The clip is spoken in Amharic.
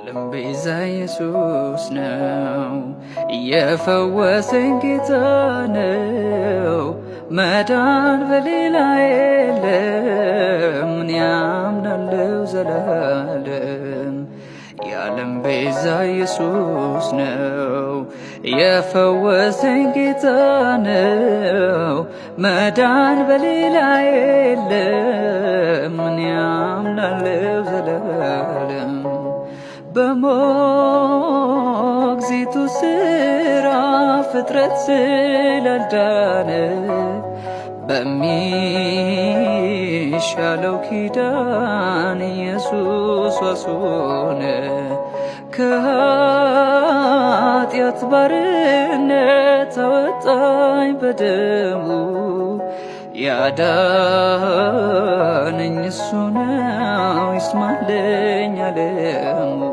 የዓለም ቤዛ ኢየሱስ ነው፣ እየፈወሰኝ ጌታ ነው። መዳን በሌላ የለም፣ እኔ አምናለሁ ዘላለም። የዓለም ቤዛ ኢየሱስ ነው፣ እየፈወሰኝ ጌታ ነው። መዳን በሌላ የለም፣ እኔ አምናለሁ ዘላለም የዓለም ቤዛ ኢየሱስ ነው እየፈወሰኝ ጌታ ነው መዳን በሌላ የለም እኔ ዘላለም በሞግዚቱ ስራ ፍጥረት ስላልዳነ በሚሻለው ኪዳን ኢየሱስ ዋሶነ ከኃጢአት ባርነት አወጣኝ በደሙ ያዳነኝ እሱ ነው ይስማለኝ አለሙ